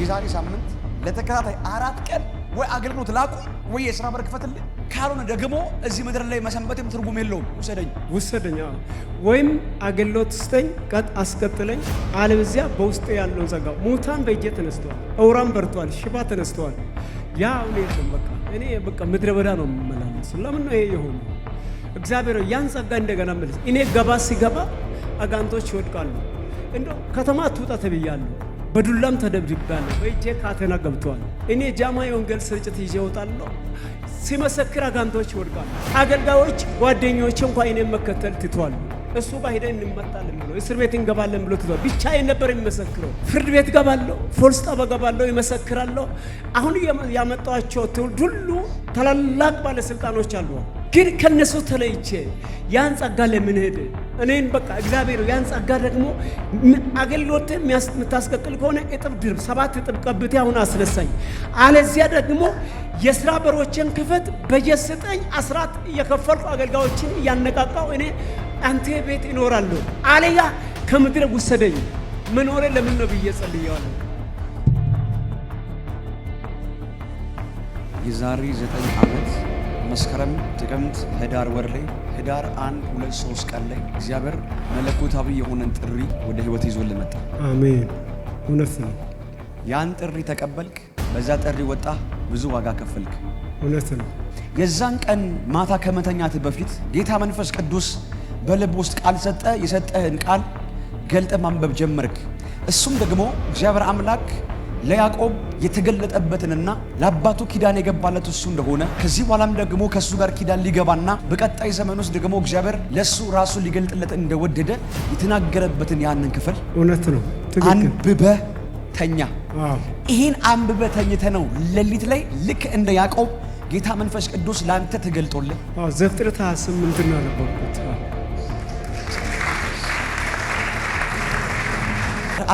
የዛሬ ሳምንት ለተከታታይ አራት ቀን ወይ አገልግሎት ላቁ ወይ የስራ በር ክፈትልኝ ካልሆነ ደግሞ እዚህ ምድር ላይ መሰንበትም ትርጉም የለውም። ውሰደኝ ውሰደኝ፣ ወይም አገልግሎት ስጠኝ፣ ቀጥ አስቀጥለኝ፣ አለበዚያ በውስጤ ያለውን ጸጋ ሙታን በእጄ ተነስተዋል፣ እውራን በርቷል፣ ሽባ ተነስተዋል። ያ ሁኔ በቃ እኔ በቃ ምድረ በዳ ነው የምመላለስ። ለምን ነው ይሄ የሆኑ? እግዚአብሔር ያን ጸጋ እንደገና መልስ። እኔ ገባ ሲገባ አጋንቶች ይወድቃሉ። እንደው ከተማ ትውጣ ተብያለሁ በዱላም ተደብድቤያለሁ። በእጄ ካቴና ገብተዋል። እኔ ጃማ የወንጌል ስርጭት ይዤ እወጣለሁ። ሲመሰክር አጋንቶች ይወድቃሉ። አገልጋዮች ጓደኞች እንኳ እኔን መከተል ትቷል። እሱ ጋር ሄደን እንመጣለን ብሎ እስር ቤት እንገባለን ብሎ ትቷል። ብቻዬን ነበር የሚመሰክረው። ፍርድ ቤት ገባለሁ፣ ፖሊስ ጣቢያ ገባለሁ፣ ይመሰክራለሁ። አሁን ያመጣቸው ትውልድ ሁሉ ታላላቅ ባለስልጣኖች አሉ። ግን ከነሱ ተለይቼ ያን ጸጋ ለምን ሄደ? እኔን በቃ እግዚአብሔር ያን ጸጋ ደግሞ አገልግሎት የምታስቀቅል ከሆነ እጥብ ድርብ ሰባት እጥብ ቀብቴ አሁን አስነሳኝ። አለዚያ ደግሞ የስራ በሮችን ክፈት በየስጠኝ አስራት እየከፈልኩ አገልጋዮችን እያነቃቃው እኔ አንተ ቤት ይኖራለሁ አለያ ከምድረ ውሰደኝ መኖሬ ለምን ነው ብዬ ጸልየዋለ። የዛሬ ዘጠኝ ዓመት መስከረም፣ ጥቅምት፣ ህዳር ወር ላይ ህዳር አንድ ሁለት ሶስት ቀን ላይ እግዚአብሔር መለኮታዊ የሆነን ጥሪ ወደ ህይወት ይዞ ልመጣ። አሜን። እውነት ነው። ያን ጥሪ ተቀበልክ፣ በዛ ጥሪ ወጣ፣ ብዙ ዋጋ ከፈልክ። እውነት ነው። የዛን ቀን ማታ ከመተኛት በፊት ጌታ መንፈስ ቅዱስ በልብ ውስጥ ቃል ሰጠ። የሰጠህን ቃል ገልጠ ማንበብ ጀመርክ። እሱም ደግሞ እግዚአብሔር አምላክ ለያዕቆብ የተገለጠበትንና ለአባቱ ኪዳን የገባለት እሱ እንደሆነ ከዚህ በኋላም ደግሞ ከእሱ ጋር ኪዳን ሊገባና በቀጣይ ዘመን ውስጥ ደግሞ እግዚአብሔር ለእሱ ራሱ ሊገልጥለት እንደወደደ የተናገረበትን ያንን ክፍል እውነት ነው። አንብበህ ተኛ። ይህን አንብበህ ተኝተህ ነው ሌሊት ላይ ልክ እንደ ያዕቆብ ጌታ መንፈስ ቅዱስ ለአንተ ተገልጦልህ ዘፍጥረት 28 ነው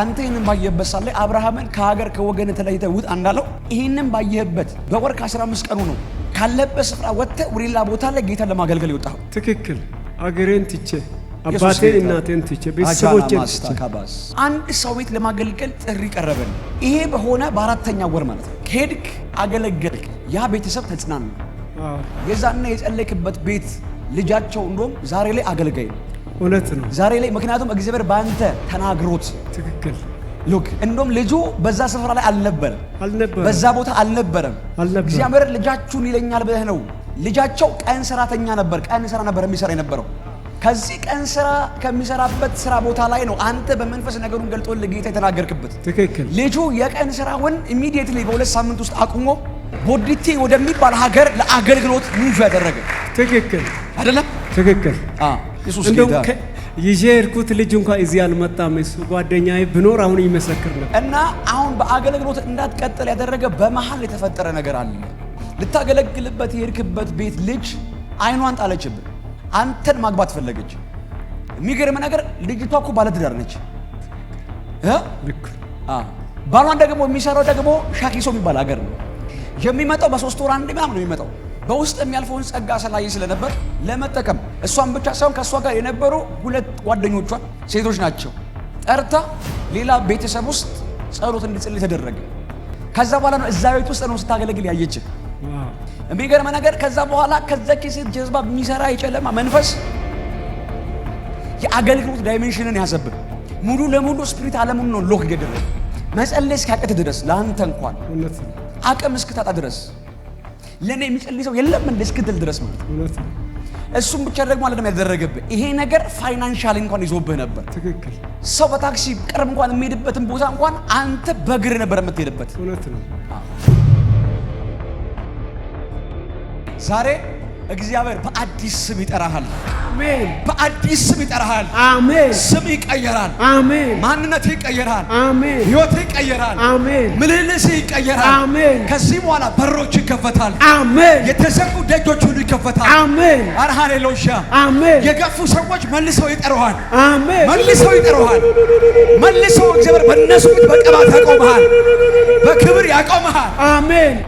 አንተ ይህንን ባየህበት ሳለ አብርሃምን ከሀገር ከወገን ተለይተ ውጣ እንዳለው ይህንን ባየህበት በወር ከ15 ቀኑ ነው ካለበት ስፍራ ወጥተ ወደ ቦታ ላይ ጌታን ለማገልገል ይወጣ። ትክክል። አገሬን ትቼ አባቴን እናቴን ትቼ ቤተሰቦቼን ትቼ አንድ ሰው ቤት ለማገልገል ጥሪ ቀረበን። ይሄ በሆነ በአራተኛ ወር ማለት ነው። ከሄድክ አገለገልክ፣ ያ ቤተሰብ ተጽናና። የዛና የጸለይክበት ቤት ልጃቸው እንደውም ዛሬ ላይ አገልጋይ ነው። እውነት ነው። ዛሬ ላይ ምክንያቱም እግዚአብሔር በአንተ ተናግሮት ትክክል ሉክ እንደውም ልጁ በዛ ስፍራ ላይ አልነበረም፣ በዛ ቦታ አልነበረም። እግዚአብሔር ልጃችሁን ይለኛል ብለህ ነው። ልጃቸው ቀን ሰራተኛ ነበር፣ ቀን ስራ ነበር የሚሰራ የነበረው። ከዚህ ቀን ስራ ከሚሰራበት ስራ ቦታ ላይ ነው አንተ በመንፈስ ነገሩን ገልጦ ለጌታ የተናገርክበት። ትክክል። ልጁ የቀን ስራውን ኢሚዲየትሊ በሁለት ሳምንት ውስጥ አቁሞ ቦዲቲ ወደሚባል ሀገር ለአገልግሎት ሙቭ ያደረገ ትክክል አይደለም? ትክክል። ኢየሱስ ይዤ እርኩት ልጅ እንኳን እዚህ አልመጣም። እሱ ጓደኛዬ ብኖር አሁን ይመሰክር ነበር። እና አሁን በአገልግሎት እንዳትቀጥል ያደረገ በመሀል የተፈጠረ ነገር አለ። ልታገለግልበት የሄድክበት ቤት ልጅ አይኗን ጣለችብን። አንተን ማግባት ፈለገች። የሚገርም ነገር ልጅቷ እኮ ባለትዳር ነች። ባሏን ደግሞ የሚሰራው ደግሞ ሻኪሶ የሚባል ሀገር ነው የሚመጣው። በሶስት ወር አንድ ምናምን ነው የሚመጣው በውስጥ የሚያልፈውን ጸጋ ስላየ ስለነበር ለመጠቀም እሷን ብቻ ሳይሆን ከእሷ ጋር የነበሩ ሁለት ጓደኞቿ ሴቶች ናቸው ጠርታ ሌላ ቤተሰብ ውስጥ ጸሎት እንድጸልይ ተደረገ። ከዛ በኋላ ነው እዛ ቤት ውስጥ ነው ስታገለግል ያየች። የሚገርመ ነገር ከዛ በኋላ ከዛ ከሴት ጀዝባ የሚሰራ የጨለማ መንፈስ የአገልግሎት ዳይሜንሽንን ያሰብን ሙሉ ለሙሉ ስፕሪት ዓለሙን ነው ሎክ እያደረገ መጸለይ እስኪያቅት ድረስ ለአንተ እንኳን አቅም እስክታጣ ድረስ ለእኔ የሚጸልይ ሰው የለም እንደ እስክትል ድረስ ማለት ነው። እሱም ብቻ ደግሞ አለም ያደረገብህ ይሄ ነገር ፋይናንሻል እንኳን ይዞብህ ነበር። ትክክል። ሰው በታክሲ ቅርብ እንኳን የሚሄድበትን ቦታ እንኳን አንተ በእግር ነበር የምትሄድበት። እውነት ነው። ዛሬ እግዚአብሔር በአዲስ ስም ይጠራሃል። አሜን። በአዲስ ስም ይጠራሃል። አሜን። ስም ይቀየራል። አሜን። ማንነት ይቀየራል። አሜን። ህይወት ይቀየራል። አሜን። ምልልስ ይቀየራል። አሜን። ከዚህ በኋላ በሮች ይከፈታል። አሜን። የተዘጉ ደጆች ሁሉ ይከፈታል። አሜን። አረ ሃሌሉያ። አሜን። የገፉ ሰዎች መልሰው ይጠሩሃል። አሜን። መልሰው ይጠሩሃል። መልሰው እግዚአብሔር በእነሱ ፊት በቅባት ያቆመሃል። በክብር ያቆመሃል። አሜን።